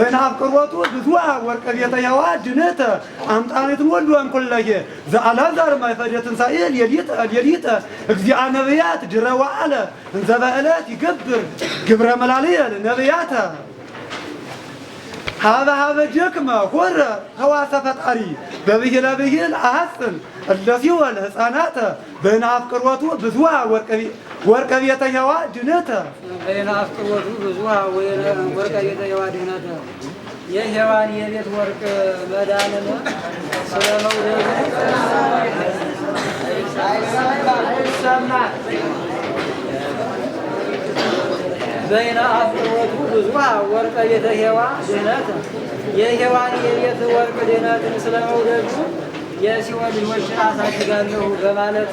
በእንሃብ ቅርወቱ ብዙአ ወርቀ ቤተ ያዋ ድነተ አምጣኔትን ወልዱ አንኩለጌ ዘአልዓዛር ማይፈደ ትንሣኤ ሌሊተ ሌሊተ እግዚአ ነቢያት ድረ ዋዕለ እንዘ በዕለት ይገብር ግብረ መላልየል ነቢያተ ሀበ ሀበ ጀክመ ሆረ ህዋሰ ፈጣሪ በብሂለ ብሂል አሐፅን እለ ሲወል ህፃናተ በእንሃብ ቅርወቱ ብዙአ ወርቀ ወርቀ ቤተ ሔዋ ድኅነተ ናፍቅወቱ ብዙ ወርቀ ቤተ ሔዋ የሔዋን የቤት ወርቅ መዳንን ስለ መውደዱ በይነ አፍቅሮቱ ብዙ ወርቀ ቤተ ሔዋ የሔዋን የቤት ወርቅ ድኅነትን ስለ መውደዱ ልጆችን አሳድጋለሁ በማለት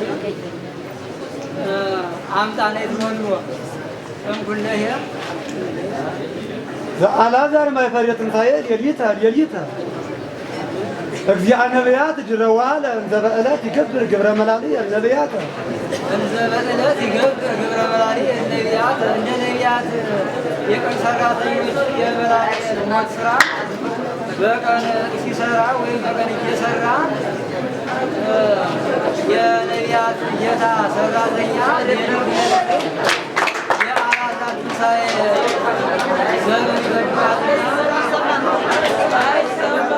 الأذر ما يفرط الخير يليتها يليتها. أجزي عن نبياتي جروالا أنزا بألاتي كبر قبر ملالية النبياتا أنزا بألاتي كبر قبر ملالية النبياتا أنجا نبياتا يكون سراطي يا ملالية الموت سراء بقى نكسي سراء ويبقى نكي سراء የነቢያት ጌታ ሰራተኛ የአራታት ሳይ ዘመን አይሰማ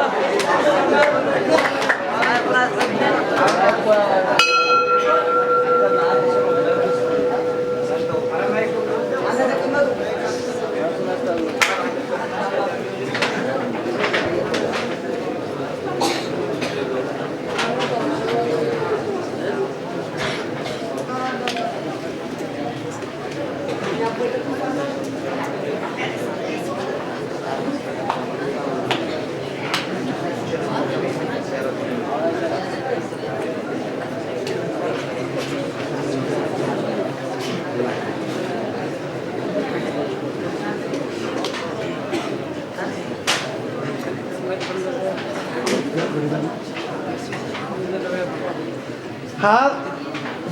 ها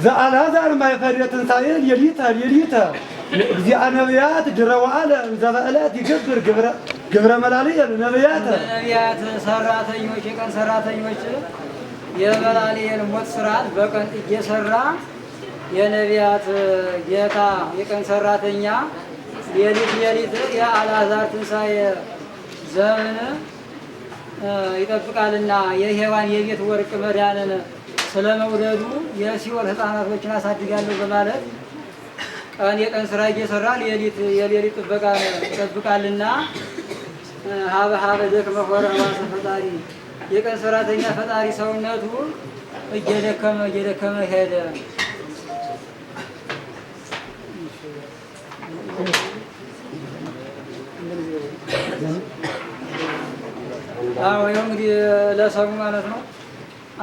هذا ما يفريت سائر يليتها يليتها እግዚአ ነቢያት ድረዋለ እንዘበዕለት ይገብር ግብረ ነቢያት ነቢያት ሰራተኞች የቀን ሰራተኞች የመላልየል ሞት ስርዓት በቀን እየሰራ የነቢያት ጌታ የቀን ሰራተኛ የአልዓዛር ትንሣኤ ዘመን ይጠብቃልና የሔዋን የቤት ወርቅ መዳንን ስለመውለዱ የሲኦል ሕፃናቶችን አሳድጋለሁ በማለት ቀን የቀን ስራ እየሰራ የሌሊት ጥበቃ ይጠብቃልና ሀበ ሀበ ደክመ ሆረ ፈጣሪ የቀን ሰራተኛ ፈጣሪ ሰውነቱ እየደከመ እየደከመ ሄደ። አዎ ይኸው እንግዲህ ለሰሙ ማለት ነው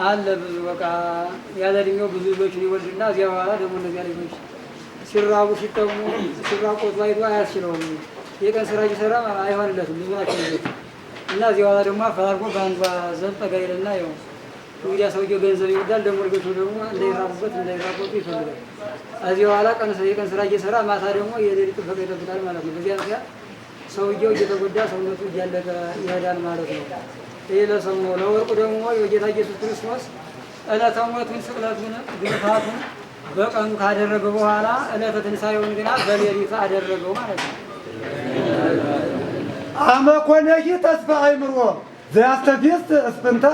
አለ ብዙ በቃ ያለ እድሜው ብዙ ልጆች ሊወልድና እዚያ በኋላ ደግሞ እነዚያ ልጆች ሲራቡ ሲጠሙ ሲራቆቱ አይቶ አያስችለውም። የቀን ስራ ሲሰራ አይሆንለትም። ብዙ ናቸው ልጆች እና እዚህ ኋላ ደግሞ አፈላልጎ በአንዷ ዘብ ጠጋ ይልና ያው እንግዲያ ሰውየው ገንዘብ ይወዳል። ደግሞ ልጆቹ ደግሞ እንዳይራቡበት እንዳይራቆቱ ይፈልጋል። እዚህ በኋላ የቀን ስራ እየሰራ ማታ ደግሞ የሌሊት ጥበቃ ይጠብቃል ማለት ነው። በዚያ ምክንያት ሰውየው እየተጎዳ ሰውነቱ እያለቀ ይሄዳል ማለት ነው። ይህ ለሰሞ ለወርቁ ደግሞ የጌታ ኢየሱስ ክርስቶስ ዕለተ ሞቱን ስቅለቱን ግርፋቱን በቀኑ ካደረገ በኋላ ዕለተ ትንሣኤውን ግና በሌሊት አደረገው ማለት ነው። አመኮነይ ተስፋ አይምሮ ዘያስተፌስት እስፍንተ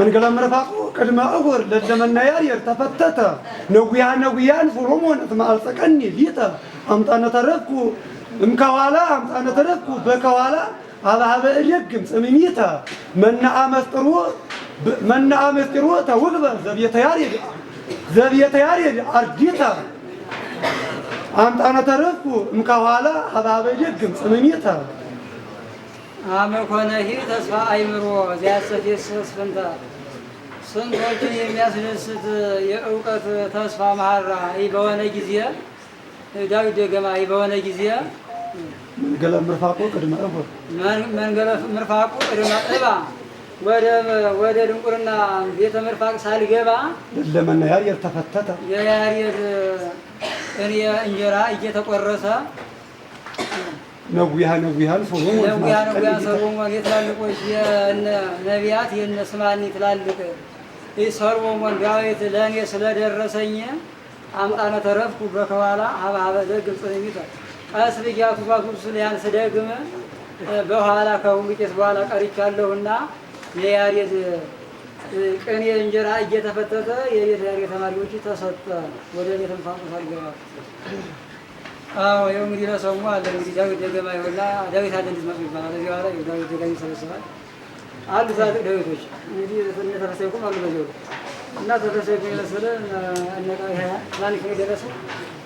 መንገለ መረፋቁ ቅድመ እውር ለደመናያር ተፈተተ ነጉያ ነጉያን ፍሮሞነት እስማልፀቀኒ ሊተ አምጣነ ተረፍኩ እምከኋላ አምጣነ ተረፍኩ በከኋላ አባሃበ እደግም ጽምሚተ መናአ መስጢሮ ተውግበ ዘቤተ ያሬድ ዘብየተ ያሬድ አርዲታ አምጣነ ተረፍኩ እምከኋላ ሀባበ ጀግም ጽምሚተ አመኮነሂ ተስፋ አይምሮ ዚያሰፊስስ ፍንታ ስንቶችን የሚያስደስት የእውቀት ተስፋ መሀራ ይህ በሆነ ጊዜ ዳዊት ደገማ ይህ በሆነ ጊዜ መንገለ ምርፋቁ ቅድመ እባ መንገለ ምርፋቁ ቅድመ እባ ወደ ድንቁርና ቤተ ምርፋቅ ሳልገባ ለመና ያሬድ ተፈተተ። የያሬድ እኔ እንጀራ እየተቆረሰ ነጉያ ነጉያ ሰሎሞን ነጉያ ነጉያ ሰሎሞን የትላልቆች ነቢያት የነ ስማኒ ትላልቅ ሰሎሞን ዳዊት ለእኔ ስለደረሰኝ አምጣነ ተረፍኩ በከኋላ ሀብሀበ ደግም ጽሕቢተ ቀስ ብያቱ ባቱ ስልያን ስደግም በኋላ ከሁሉ ቄስ በኋላ ቀሪቻለሁና የያሬድ ቅኔ እንጀራ እየተፈተተ ተማሪዎች ተሰጠ። ወደ ቤተ አልገባ አዎ ይኸው እንግዲህ ለሰሙ አለ እንግዲህ ዳዊት ደገማ ይሆና ዳዊት አለ እንዲህ ይባላል። በኋላ ዳዊት ደጋ አሉ ዳዊቶች እንግዲህ ተፈሰይኩም አሉ እና ተፈሰይኩም የመሰለ እነቃ ትላንክ የደረሰው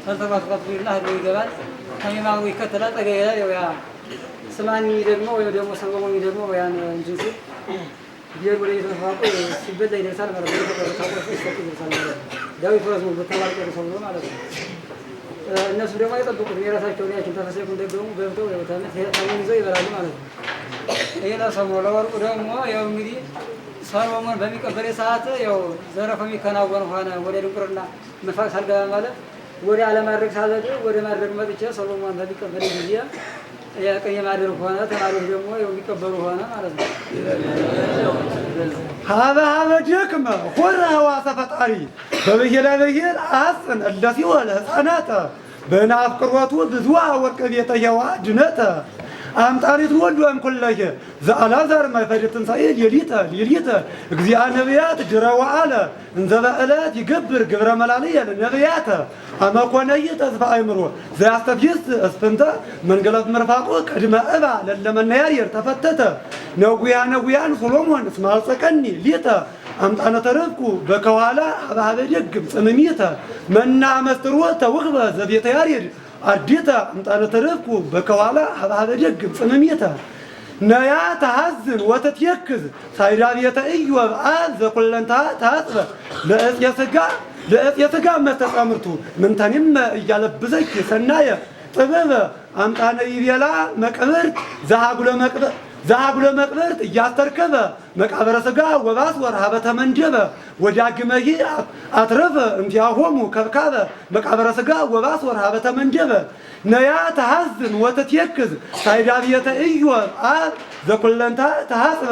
ተንተባስባት ና ህዶ ይገባል ከሚማሩ ይከተላል ጠገ ይላል ያ ስማኒ ደግሞ ወይም ደግሞ ሰሎሞ ደግሞ ያን እንጅንሱ ቢሄድ ወደ የተፋቁ ሲበላ ይደርሳል ማለት ነው። ታቆሱ ይሰጥ ይደርሳል ማለት ነው። ዳዊት ወራዝ ነው በተባለ ቀሩ ሰው ማለት ነው። እነሱ ደግሞ አይጠብቁት የራሳቸውን ያችን ተፈሰቁን ደግሞ ገብተው ተመይዘው ይበላሉ ማለት ነው። ሌላ ሰብሮ ለወርቁ ደግሞ ያው እንግዲህ ሰሎሞን በሚቀበል ሰዓት ያው ዘረፈ የሚከናወን ሆነ ወደ ድንቁርና መፋቅ ሳልገባ ማለት ወደ አለማድረግ ሳዘድ ወደ ማድረግ መጥቼ ሰሎሞን በሚቀበል ጊዜ የማደር ሆነ ተማሪዎች ደግሞ የሚቀበሩ ሆነ ማለት ነው። ሀበ ሀበ ደክመ ሆረ ህዋሰ ፈጣሪ በብሄረ ብሄር አጽን እለሲወለ ህፃናተ በናፍቅሮቱ ብዙ ወርቅ ቤተ ሄዋ ድነተ አምጣሪት ወልድ ወም ኩለከ ዘአልዓዛር ትንሣኤ ሌሊተ ሌሊተ እግዚአ ነቢያት ድረዋ አለ እንዘበ ዕለት ይገብር ግብረ መላልየ ነቢያተ አመኮነይተ እስፈ አእምሮ ዘያስተፍይስ እስፍንተ መንገላት መርፋቆ ቅድመ እባ ለለመነያየር ተፈተተ ነጉያ ነጉያን ሶሎሞን እስመ ሊተ አምጣነ ተረፍኩ በከኋላ አባሃበ ደግም ጽምሚተ መና መስትሮተ ውክበ ዘቤተ ያሬድ አዴታ እምጣነ ተረፍኩ በከዋላ ሀብሀበ ደግም ጽምሜታ ነያ ተሐዝን ወተትየክዝ ሳይዳ ቤተ እዩ ወብአል ዘኩለንታ ተሐጽበ ለእጽ የሥጋ ለእጽ የሥጋ መተጸምርቱ ምንተኒመ እያለብዘኪ ሰናየ ጥበበ አምጣነ ይቤላ መቅብርት ዘሃጉለ መቅበር ዛብሎ መቅበርት እያስተርከበ መቃብረ ስጋ ወባስ ወርሃበ ተመንጀበ ወዳግመሂ አትረፈ እምቲያሆሙ ከብካበ መቃብረ ሥጋ ወባስ ወርሃበ ተመንጀበ ነያ ተሐዝን ወተትየክዝ ሳይዳብየተ እዮወ አብ ዘኩለንታ ተሐጽበ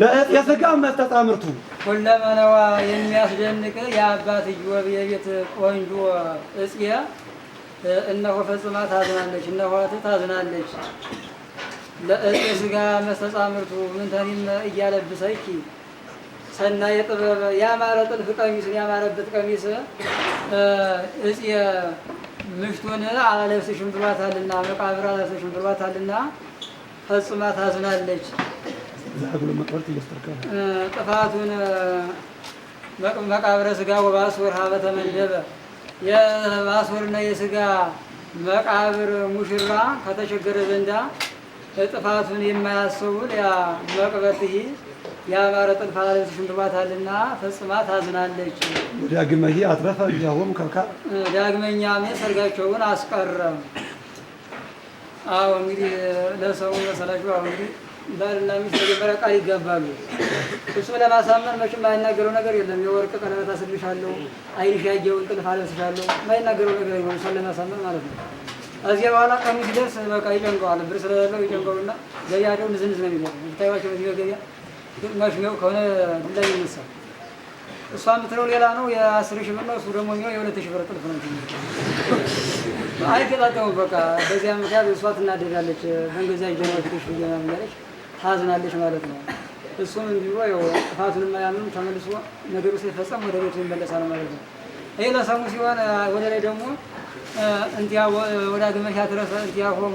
ለእጤ ሥጋ መስተጣምርቱ ሁለመነዋ የሚያስደንቅ የአባትዮብ የቤት ቆንጆ እጽየ እነሆ ፈጽማ ታዝናለች፣ እነሆ ታዝናለች። ለእፀ ስጋ መስተጻምርቱ ምንተኒም እያለብሰኪ ያማረ ጥልፍ ቀሚስን ያማረበት ቀሚስ እጽ ምሽቱን አላለብስሽም ብሏታልና መቃብር አላለብስሽም ብሏታልና ፈጽማ ታዝናለች። ጥፋቱን መቃብረ መቃብር ሙሽራ ከተቸገረ ዘንዳ ጥፋቱን የማያስቡ ያ መቅበትህ የአማረ ጥልፋ አለብስ ሽንትባታልና ፈጽማ ታዝናለች። ዳግመህ አትረፈ እንዲያውም ከካ ዳግመኛም ሰርጋቸውን አስቀረም። አዎ እንግዲህ ለሰው መሰላችሁ። አሁ እንግዲህ ባልና ሚስት መጀመሪያ ቃል ይገባሉ። እሱም ለማሳመን መቼም የማይናገረው ነገር የለም። የወርቅ ቀለበት አስልሻለሁ፣ አይንሽ ያየውን ጥልፍ አለብስሻለሁ። የማይናገረው ነገር አይሆን ሰው ለማሳመን ማለት ነው። እዚህ በኋላ ቀኑ ሲደርስ በቃ ይጨንቀዋል። ብር ስለሌለው ይጨንቀውና ገበያቸው ንዝንዝ ነው የሚለው ብታዩቸው። በዚህ በገበያ ግማሽኛው ከሆነ ዱላ ይነሳል። እሷ የምትለው ሌላ ነው፣ የአስር ሺህ ብር ነው። እሱ ደግሞ የሚሆን የሁለት ሺህ ብር ጥልፍ ነው። አይገጣጠሙም። በቃ በዚያ ምክንያት እሷ ትናደዳለች። በእንገዛ ጀናዎች ገናለች፣ ታዝናለች ማለት ነው። እሱም እንዲሁ ያው ጥፋቱን ማያምንም ተመልሶ ነገሩ ሲፈጸም ወደ ቤቱ ይመለሳል ማለት ነው። ይህ ለሰሙ ሲሆን ወደ ላይ ደግሞ እንዲያ መሻ ተረፈ እንዲያ ሆሙ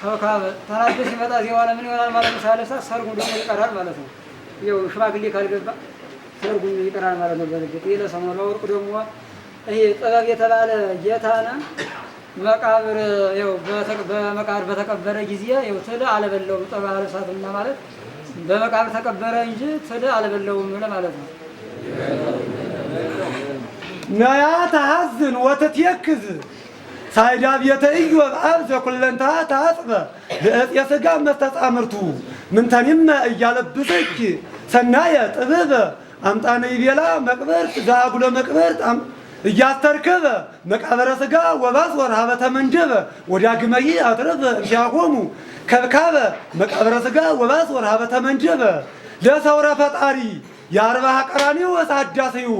ተካበ ተናዶ ሲመጣ እዚህ በኋላ ምን ይሆናል ማለት ነው። ሳለሳ ሰርጉ ደግሞ ይቀራል ማለት ነው። ይኸው ሽማግሌ ካልገባ ሰርጉ ይቀራል ማለት ነው። በንግድ ይህ ለሰው ነው። ለወርቁ ደግሞ ይሄ ጥበብ የተባለ ጌታነ መቃብር ይኸው በመቃብር በተቀበረ ጊዜ ይኸው ትል አለበለውም ጠባ እና ማለት በመቃብር ተቀበረ እንጂ ትል አለበለውም ለማለት ነው። ናያ ተሐዝን ወተትየክዝ ሳይዳ ቤተ ኢዮብ ዘኩለንታ ኩለንታ ታጽበ ለእጽ የሥጋ መስተጻምርቱ ምንተኒመ እያለብሰች ሰናየ ጥብብ አምጣነ ይቤላ መቅበርት ዛጉሎ መቅበርት እያስተርከበ መቃበረ ሥጋ ወባስ ወርሃበ ተመንጀበ ወዳግመይ አትረፈ እንሻሆሙ ከብካበ መቃበረ ሥጋ ወባስ ወርሃበ ተመንጀበ ለሰውረ ፈጣሪ የአርባ ቀራኒ ወሳዳሰዩ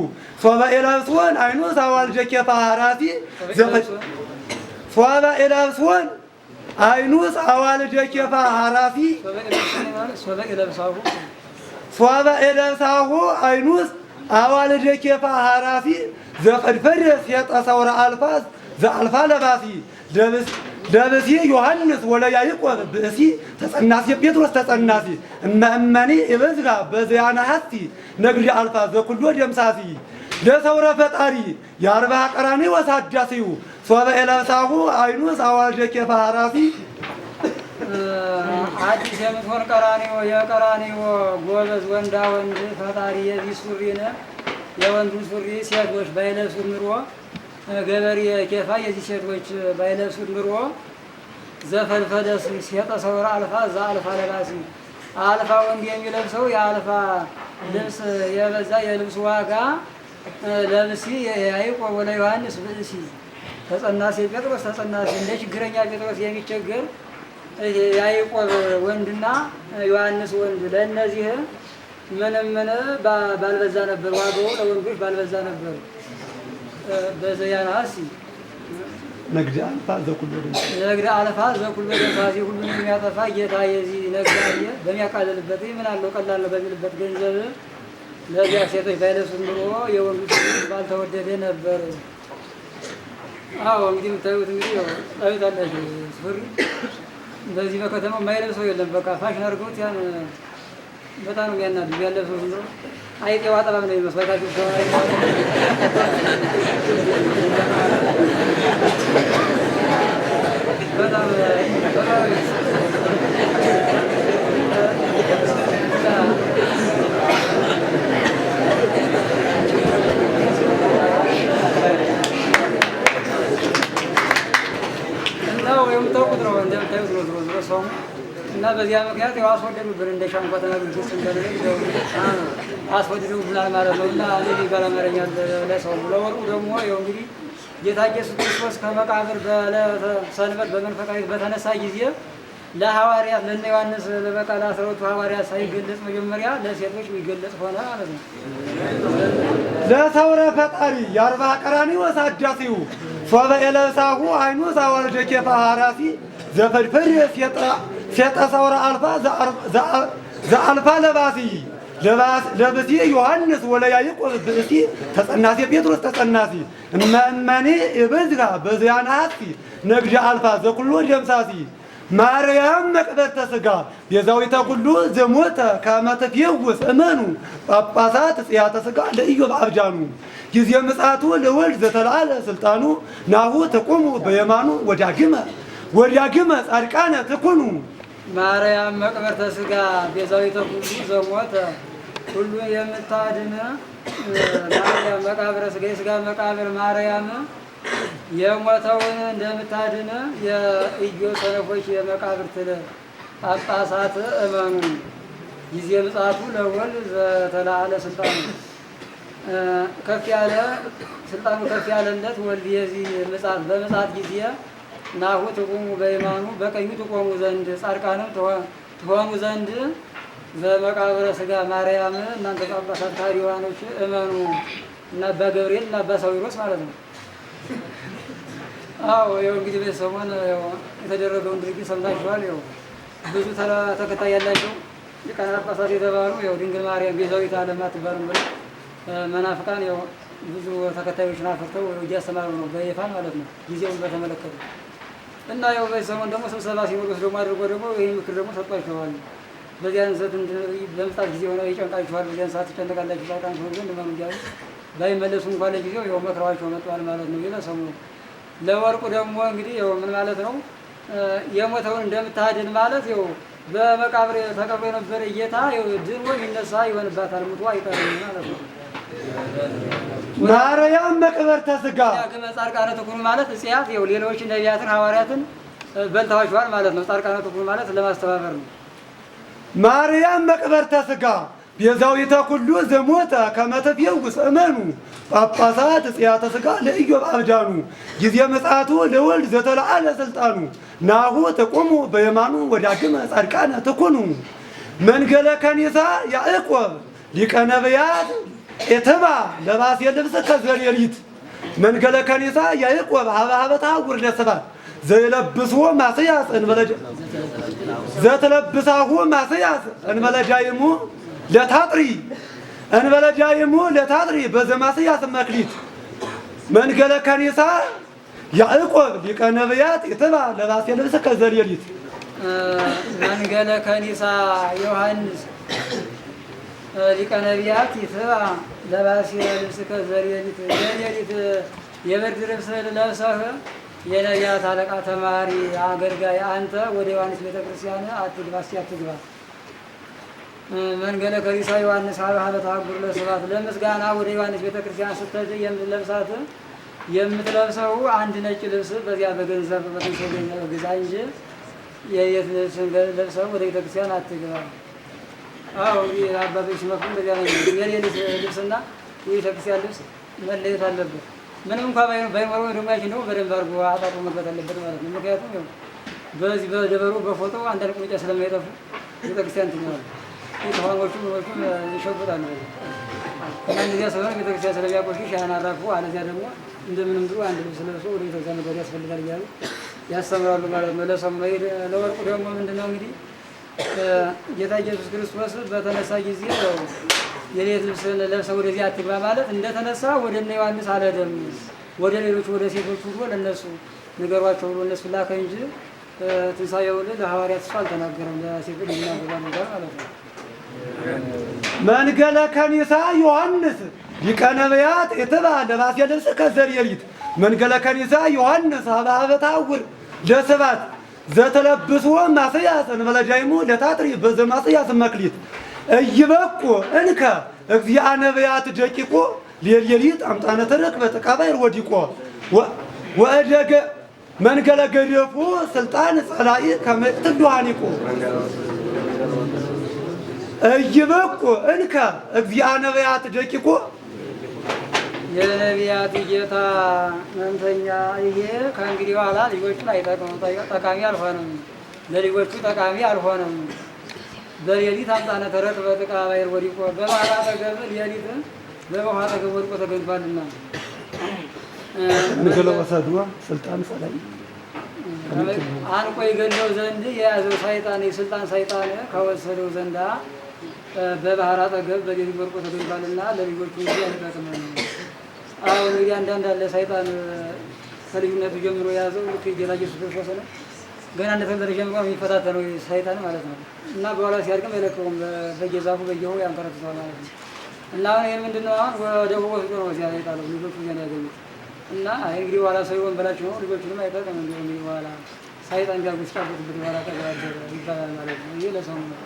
ሶበ ኤላብስወን አይኖ ሳዋልጀኬ ፋራሲ ዘፈ ሶባ ኤላብስወን አይኑስ አዋልድ የኬፋ ሀራፊ ሶባ ኤላብሳሁ አይኑስ አዋልድ ሀራፊ ዘፈድፈደስ የጠሰውረ አልፋስ ዘአልፋ ለባሲ ደብሲ ዮሐንስ ወለ ብእሲ ተጸናሲ ጴጥሮስ ተጸናሲ እመእመኒ እበዝራ በዚያና ሀቲ ነግሪ አልፋ ዘኩሎ ደምሳሲ ለሰውረ ፈጣሪ የአርባ ቀራኒ ወሳዳሲው ሶበ የለብሳሁ አይኑ አዋልደ ኬፋ ራፊ አዲስ የምትሆን ቀራኒዎ የቀራኒዎ ጎበዝ ወንዳ ወንድ ፈጣሪ የዚህ ሱሪ ነ የወንዱ ሱሪ ሴቶች ባይለብሱ ኑሮ ገበሬ ኬፋ የዚህ ሴቶች ባይለብሱ ኑሮ ዘፈልፈደስ ሲጠሰውር አልፋ እዛ አልፋ ለባሲ አልፋ ወንድ የሚለብሰው የአልፋ ልብስ የበዛ የልብስ ዋጋ ለብሲ ያይቆ ወለ ዮሐንስ ብእሲ ተጸናሴ ጴጥሮስ ተጸናሴ እንደ ችግረኛ ጴጥሮስ የሚቸገር ያዕቆብ ወንድና ዮሐንስ ወንድ ለእነዚህ ምንም ምን ባልበዛ ነበር፣ ዋጋው ለወንዶች ባልበዛ ነበር። በዘያ በዘያናሲ ነግድ አልፋ ዘኩሎ ነግድ አልፋ ዘኩሎ ደፋዚ ሁሉን የሚያጠፋ ጌታ የዚህ ነግዳየ በሚያቃልልበት ምን አለው ቀላል ነው በሚልበት ገንዘብ ለዚያ ሴቶች ባይለሱ ብሎ የወንዶች ባልተወደደ ነበር። አዎ እንግዲህ የምታዩት እንግዲህ ታዩታላችሁ። ሱሪ በዚህ በከተማው የማይለብሰው የለም። በቃ ፋሽን አድርገውት ያን በጣም ነው የሚያናድ ያለብሰው ዝም ብሎ አይጤ ነው የሚመስለው በጣም ሰሙ እና በዚያ ምክንያት ያው አስወደዱብን። እንደ ሻንኳ ተናግሬ ውስጥ አስወደዱብናል ማለት ነው እና እኔ ባለመረኛ ለሰው ለወርቁ ደግሞ ያው እንግዲህ ጌታ ኢየሱስ ክርስቶስ ከመቃብር በሰንበት በመንፈቃዊት በተነሳ ጊዜ ለሐዋርያት ለእነ ዮሐንስ በቃ ለአስራቱ ሐዋርያት ሳይገለጽ መጀመሪያ ለሴቶች የሚገለጽ ሆነ ማለት ነው። ለሰውረ ፈጣሪ የአርባ ቀራኒ ወሳዳሲው ሶበ የለብሳሁ አይኑ ሳወርደኬ ፋሃራሲ ዘፈድፈድ ሴጠሳውራ አልፋ ዘአልፋ ለባሲ ለብሲ ዮሐንስ ወለያዕቆብ ብእሲ ተጸናሴ ጴጥሮስ ተጸናሲ እመእመኔ እበዝጋ በዚያናሲ ነግደ አልፋ ዘኩሎ ደምሳሲ ማርያም መቅደተ ሥጋ ቤዛዊተ ኩሉ ዘሞተ ከመ ትፈውስ እመኑ ጳጳሳት ጽያተ ሥጋ ለኢዮብ አብጃኑ ጊዜ ምጽአቱ ለወልድ ዘተለዓለ ስልጣኑ ናሁ ተቆሙ በየማኑ ወዳግመ ወዳግመ ጻድቃነ ትኩኑ ማርያም መቅበርተ ስጋ ቤዛዊተ ኩሉ ዘሞተ ሁሉ የምታድነ ማርያም መቃብረ ስጋ የሥጋ መቃብር ማርያም የሞተውን እንደምታድነ የእዮ ሰነፎች የመቃብር ትለ ጳጳሳት እመኑ ጊዜ ምጽአቱ ለወል ዘተላለ ስልጣኑ ከፍ ያለ ስልጣኑ ከፍ ያለለት ወልድ የዚህ ምጽአት በምጽአት ጊዜ ናሁ ትቁሙ በይማኑ በቀኙ ትቆሙ ዘንድ ጻድቃንም ትሆኑ ዘንድ በመቃብረ ስጋ ማርያም እናንተ ጳጳሳት ካሪዋኖች እመኑ እና በገብርኤል እና በሰዊሮስ ማለት ነው። አዎ ይኸው እንግዲህ ቤተሰቦን የተደረገውን ድርጊት ሰምታችኋል። ይኸው ብዙ ተከታይ ያላቸው የቃነ ጳጳሳት የተባሉ ይኸው ድንግል ማርያም ቤዛዊት ዓለም አትባልም ብለው መናፍቃን ይኸው ብዙ ተከታዮችን አፍርተው እያስተማሩ ነው በይፋ ማለት ነው ጊዜውን በተመለከቱ እና ያው በሰሞን ደግሞ ስብሰባ ሲኖዶስ ደግሞ አድርጎ ደግሞ ይህ ምክር ደግሞ ሰጧቸዋል። በዚያን ሰት ለምጣት ጊዜ ሆነ ይጨንቃችኋል፣ በዚያን ሰዓት ትጨነቃላችሁ፣ ጣጣን ሲሆን ግን ልመኑ እያሉ ባይመለሱ እንኳን ለጊዜው ያው መክረዋቸው መጥቷል ማለት ነው። ይላ ሰሙ ለወርቁ ደግሞ እንግዲህ ያው ምን ማለት ነው የሞተውን እንደምታድን ማለት ያው በመቃብር ተቀብሮ የነበረ ጌታ ያው ድኖ ይነሳ ይሆንባታል፣ ሙቶ አይቀርም ማለት ነው። ማርያም መቅበር ተስጋ ጻድቃነ ትኩኑ ማለት እጽያት ው ሌሎች ነቢያትን ሐዋርያትን በልተዋቸዋል ማለት ነው። ጻድቃነ ትኩኑ ማለት ለማስተባበር ነው። ማርያም መቅበር ተስጋ ቤዛዊተ ኩሉ ዘሞተ ከመ ትፈውስ እመኑ ጳጳሳት እጽያተ ስጋ ለኢዮብ አብዳኑ ጊዜ ምጽአቱ ለወልድ ዘተለዓለ ስልጣኑ ናሁ ተቆሙ በየማኑ ወዳግመ ጻድቃነ ትኩኑ መንገለ ከኒሳ ያዕቆብ ሊቀ ነቢያት إتما لباس يلبس كذري يريد من قال كنيسة يايق وبهابة هابة تعور لسبا زي لبس هو ما إن ولا جا زي تلبس هو ما إن ولا جايمو لا تدري إن ولا جايمو لا تدري بس ما ما كليت من قال كنيسة يايق وبهابة نبيات إتبا لباس يلبس كذري يريد من قال كنيسة يوحنا ሊቀ ነቢያት ይትባ ለባሲ ልብስከ ዘሌሊት ዘሌሊት የብርድ ልብስ ለብሰህ የነቢያት አለቃ ተማሪ አገልጋይ አንተ ወደ ዮሐንስ ቤተ ክርስቲያን አትግባ፣ እስኪ አትግባ። መንገለ ከሪሳ ዮሐንስ ሀበ ታጉር ለስባት ለምስጋና ወደ ዮሐንስ ቤተ ክርስቲያን ስትሄድ የምትለብሳት የምትለብሰው አንድ ነጭ ልብስ በዚያ በገንዘብ በተሰገኘ ግዛ እንጂ የየት ልብስ ለብሰው ወደ ቤተ ክርስቲያን አትግባ። አባቶች ሲመክሩ እንደዚያ ነው። የኔ ልብስና የቤተክርስቲያን ልብስ መለየት አለበት። ምንም እንኳ ባይኖረው ደማችን ደግሞ በደንብ አድርጎ አጣጥሮ መግባት አለበት ማለት ነው። ምክንያቱም ያው በዚህ በደበሩ በፎቶ አንዳንድ ቁንጫ ስለማይጠፉ ቤተክርስቲያን ትኛዋል ተዋኖቹ ኖቹ ይሸጉጣሉ እና እንደዚያ ስለሆነ ቤተክርስቲያን ስለሚያቆሽሽ ያን አራግፎ አለዚያ ደግሞ እንደምንም ብሎ አንድ ልብስ ለብሶ ወደ ቤተክርስቲያን መግባት ያስፈልጋል እያሉ ያስተምራሉ ማለት ነው። ለሰማ ለወርቁ ደግሞ ምንድነው እንግዲህ ጌታ ኢየሱስ ክርስቶስ በተነሳ ጊዜ ያው የሌት ልብስ ለብሰህ ወደዚህ አትግባ ማለት እንደተነሳ ወደ እነ ዮሐንስ አልሄደም፣ ወደ ሌሎች ወደ ሴቶች ሁሉ ለእነሱ ንገሯቸው ብሎ እነሱ ላከ እንጂ ትንሣኤውን ለሐዋርያት እሱ አልተናገረም። ለሴቶች የሚናገራ ነገር ማለት ነው። መንገለ ከኒሳ ዮሐንስ ሊቀ ነቢያት የተባለ ባሴ ልብስ ከዘር የሊት መንገለ ከኒሳ ዮሐንስ ሀባበታውር ለስባት ዘተለብስዎ ማስያሰን በለዳይሙ ለታጥሪ በዘ ማስያስ መክሊት እይበቁ እንከ እግዚአ ነቢያት ደቂቁ ሌሊት አምጣነ ተረክበ ተቃባይር ወዲቆ ወእደገ መንገለ ገደፉ ስልጣን ጸላኢ ከመቅትል እይበቁ እንከ እግዚአ ነቢያት ደቂቁ የነቢያት ጌታ መንተኛ ይሄ ከእንግዲህ በኋላ ልጆቹን አይጠቅም፣ ጠቃሚ አልሆነም፣ ለልጆቹ ጠቃሚ አልሆነም። በሌሊት አምጣነ ተረት በጥቃ ባይር ወዲቆ በባህር አጠገብ ሌሊት በበኋ ተገብ ወድቆ ተገኝቷልና ንገለወሰድዋ ስልጣን ፈላይ አንቆ ይገለው ዘንድ የያዘው ሳይጣን የስልጣን ሳይጣን ከወሰደው ዘንዳ በባህር አጠገብ በሌሊት ወርቆ ተገኝቷልና ለልጆቹ እንጂ አይጠቅምም። አሁ እንግዲህ አንዳንድ አለ ሰይጣን ከልዩነቱ ጀምሮ የያዘው ልክ ጌታ ኢየሱስ ክርስቶስ ነው። ገና እንደተወለደ ጀምሮ የሚፈታተነው ሰይጣን ማለት ነው እና በኋላ ሲያድቅም አይለቀውም፣ በየዛፉ በየሆ ያንከረትተዋል ማለት ነው እና አሁን ይህን ምንድን ነው አሁን ወደቡ ወስዶ ነው ሲያ ይጣለው ልጆቹ ገና ያገኙት እና እንግዲህ በኋላ ሰው ይሆን በላቸው ነው ልጆቹንም አይጠቅም እንዲ እንግዲህ በኋላ ሳይጣን ጋር ጉስጣቦትበት በኋላ ተገራጀ ይባላል ማለት ነው። ይህ ለሰው ነው።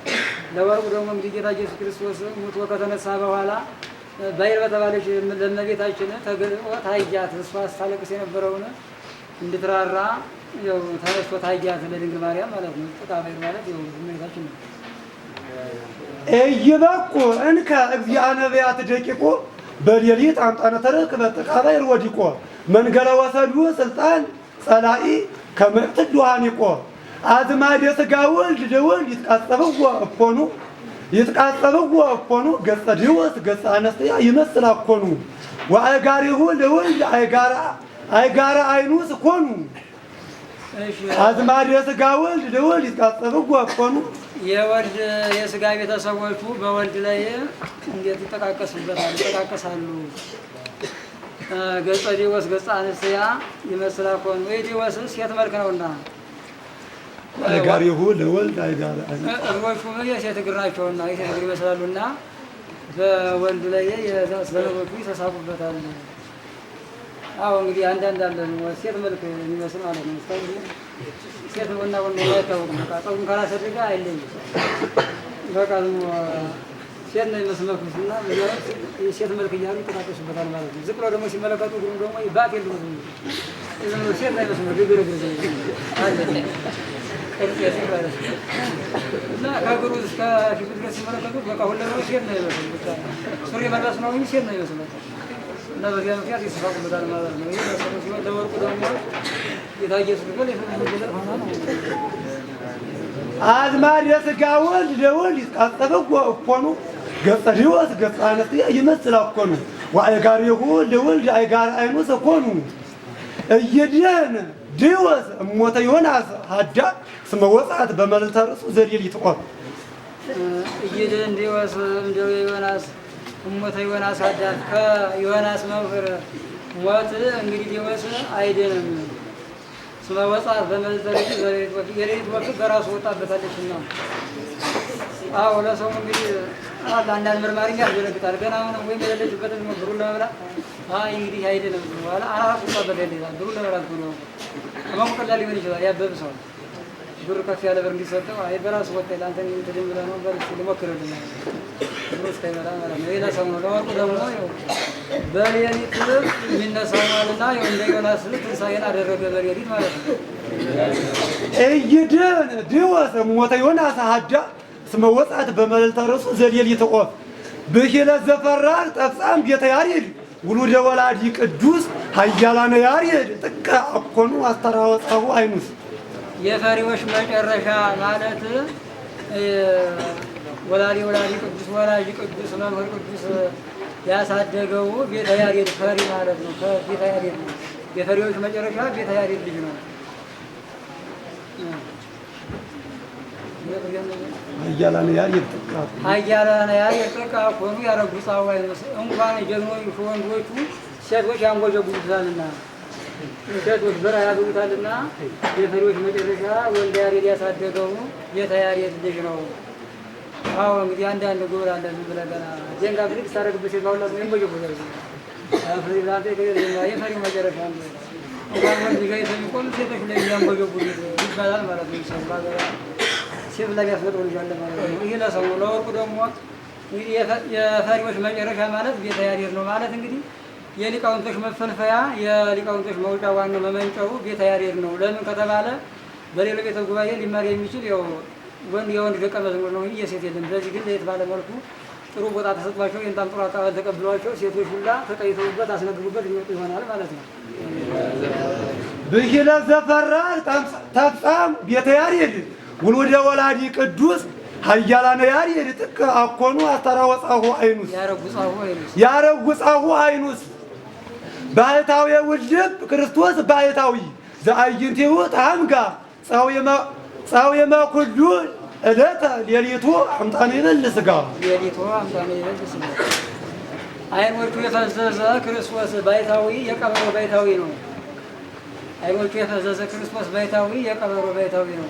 ለወርቁ ደግሞ እንግዲህ ጌታ ኢየሱስ ክርስቶስ ሙቶ ከተነሳ በኋላ ባይር በተባለች ለመቤታችን ተገልጦ ታያት። እሷ ስታለቅስ የነበረውን እንድትራራ ያው ተነስቶ ታያት ለድንግል ማርያም ማለት ነው። ጥቃ ባይር ማለት ያው እመቤታችን ነው። እይበቁ እንከ እግዚአ ነቢያት ደቂቁ በሌሊት አንጣነ ተረክ ጥቃ ባይር ወዲቆ መንገለ ወሰዱ ስልጣን ጸላኢ ድሃን ይቆ አዝማደ ሥጋ ወልድ ደወልድ ይትቃጸበዎ እኮኑ ይትቃጸብዎ እኮኑ ገጸ ድወስ ገጸ አነስተያ ይመስል አኮኑ ወአይጋሪሁ ለወልድ አይጋራ አይኑስ ኮኑ አዝማድ የስጋ ወልድ ለወልድ ይትቃጸብዎ እኮኑ የወልድ የስጋ ቤተሰቦቹ በወልድ ላይ እንዴት ይጠቃቀሱበታል? ይጠቃቀሳሉ። ገጸ ዲወስ ገጸ አነስተያ ይመስል አኮኑ ይህ ዲወስ ሴት መልክ ነውና አይጋሪሁ ለወልድ አይጋር እርቦቹ የሴት እግር ናቸውና የሴት እግር ይመስላሉና በወንዱ ላይ በእግሮቹ ይተሳቁበታል። አዎ እንግዲህ አንዳንድ አለን ሴት መልክ የሚመስል ማለት ነው። ስታይ ሴት ወና ወንድ አይታወቅም። በቃ ጸጉን ካላሰደገ አይለይም። በቃ ዝም ሴት ነው የሚመስለው እና የሴት መልክ እያሉ ይጠቃቀሱበታል ማለት ነው። ዝም ብሎ ደግሞ ሲመለከቱ እግሩም ደግሞ ባት የለም ሴት ነው የሚመስለው ግግር ግር አለ እና ከእግሩ እስከ ፊቱ ድረስ ሲመለከቱ በቃ ሁለ ሴት ነው ይመስል ሱሪ መልበስ ነው እንጂ ሴት ነው ይመስል እና በዚያ ምክንያት ይሰፋቁበታል ማለት ነው። ይህ መሰሩ ሲሆን ለወርቁ ደግሞ የታየሱ ክፍል የፍለ ሆና ነው አዝማድ የስጋ ወልድ ደወልድ ይጣጠበ እኮኑ ገጸ ድወት ገጸ አነስያ ይመስል አኮኑ ወአይጋር የሆ ለወልድ አይጋር አይኖስ እኮኑ እየድን ድወዝ እሞተ ዮናስ ሀዳ ስመ ወፅአት በመልዕልተ ርእሱ ዘሌሊት ቆመ እይድን ድወዝ እምደዌ ዮናስ እሞተ ዮናስ ሀዳ ከዮናስ መምህር ሞት እንግዲህ ድወዝ አይድንም ስመ መጽሐፍ በመዘለች የሌሊት ወቅት በራሱ ወጣበታለች እና አዎ ለሰው እንግዲህ አንዳንድ መርማሪ ያስደነግጣል። ገና ምንም ወይም የሌለችበትን ብሩን ለመብላት አይ እንግዲህ አይደለም በኋላ አራራት ወጣበት ያለ ብሩን ለመብላት ነው መቁጠላ ሊሆን ይችላል ያበብ ሰው ብር ከፍ ያለ ብር እንዲሰጠው አይ በራሱ ወጣ ለአንተ እንትን ብለህ ነው በርስ ልሞክርልህ ብሩ እስከሚመጣ ማለት ነው። ሌላ ሰው ነው ለወርቁ ደግሞ ው በሌሊት ይነሳዋል እና ው እንደ ዮናስ ትንሳኤን አደረገ በሌሊት ማለት ነው። እይደን ድወስ ሞተ ዮናስ ሀዳ እስመ ወጣት በመልዕልተ ርእሱ ዘሌሊት ኦፍ ብሂለ ዘፈራ ጠፍጻም ቤተ ያሬድ ውሉደ ወላዲ ቅዱስ ሀያላነ ያሬድ ጥቀ አኮኑ አስተራወፀሁ አይኑስ የፈሪዎች መጨረሻ ማለት ወላዲ ወላዲ ቅዱስ ወላጅ ቅዱስ መምህር ቅዱስ ያሳደገው ቤተ ያሬድ ፈሪ ማለት ነው። ቤተ ያሬድ ነው። የፈሪዎች መጨረሻ ቤተ ያሬድ ልጅ ነው። አያላነ ያሬድ ጥቃ ሆኑ ያረጉ ጻዋይ እንኳን ጀግኖች ወንዶቹ ሴቶች ያንጎጀጉታልና ሴቶች በረሃ ያገቡታልና የፈሪዎች መጨረሻ ወልደ ያሬድ ያሳደገው ጌታ ያሬድ ልጅ ነው። አዎ እንግዲህ አንዳንድ ጎብር አንዳንድ ብለገና ዜንጋ ብድግ ሳረግበት ሴባሁላ ወይም በጀ ዘር የፈሪው መጨረሻ ሴቶች ላይ ይባላል ማለት ነው። ሰው ሴት ልጅ አለ ማለት ነው። ይህ ለሰው ለወርቁ ደግሞ የፈሪዎች መጨረሻ ማለት ያሬድ ነው ማለት እንግዲህ የሊቃውንቶች መፈንፈያ የሊቃውንቶች መውጫ ዋናው መመንጨው ቤተ ያሬድ ነው። ለምን ከተባለ በሌሎ ቤተ ጉባኤ ሊማር የሚችል ወንድ የወንድ ደቀ መዝሙር ነው እንጂ የሴት የለም። በዚህ ግን ለየት ባለ መልኩ ጥሩ ቦታ ተሰጥቷቸው ይንጣም ጥሩ አቀባበል ተቀብሏቸው ሴቶች ሁላ ተቀይተውበት አስነግቡበት ይመጡ ይሆናል ማለት ነው። ብሂለ ዘፈራ ተፍጻም ቤተ ያሬድ ውሉደ ወላዲ ቅዱስ ሀያላነ ያሬድ ጥቅ አኮኑ አስተራወፃሁ አይኑስ ያረጉፃሁ አይኑስ ባህታዊ ውልብ ክርስቶስ ባህታዊ ዘአይንቲሁ ጣዕምከ ጻውየ ማኩሉ እለተ ሌሊቱ አምጣነ ይበል ሥጋ ሌሊቱ አምጣነ ይበል ሥጋ አይኖቹ የፈዘዘ ክርስቶስ ባይታዊ የቀበሮ ባይታዊ ነው። አይኖቹ የፈዘዘ ክርስቶስ ባይታዊ የቀበሮ ባይታዊ ነው።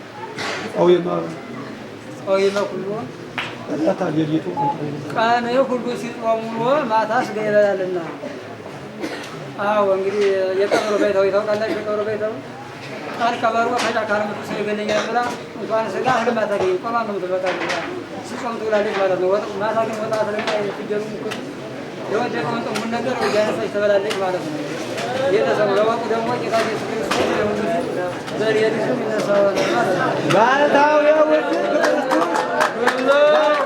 ጻውየ ማኩሉ እለተ ሌሊቱ ቀን ሁሉ ሲጾም ውሎ ማታ ሥጋ ይበላልና አዎ እንግዲህ የቀብር ቤተው ይታወቃለሽ። የቀብር ቤተው ቃል ቀበሮ ከጫ ካርምቱ ሰው ይገለኛል ብላ እንኳን ስጋ እህል ቆማ ነው ምትበቃ ስጾም ትውላለች ማለት ነው። ወጥ ማታ ግን ወጣ ስለሚጣ የትጀሩ ምኩት የወደቀውን ጥንቡን ነገር ያነሳች ትበላለች ማለት ነው ባልታው የውድ ክርስቶስ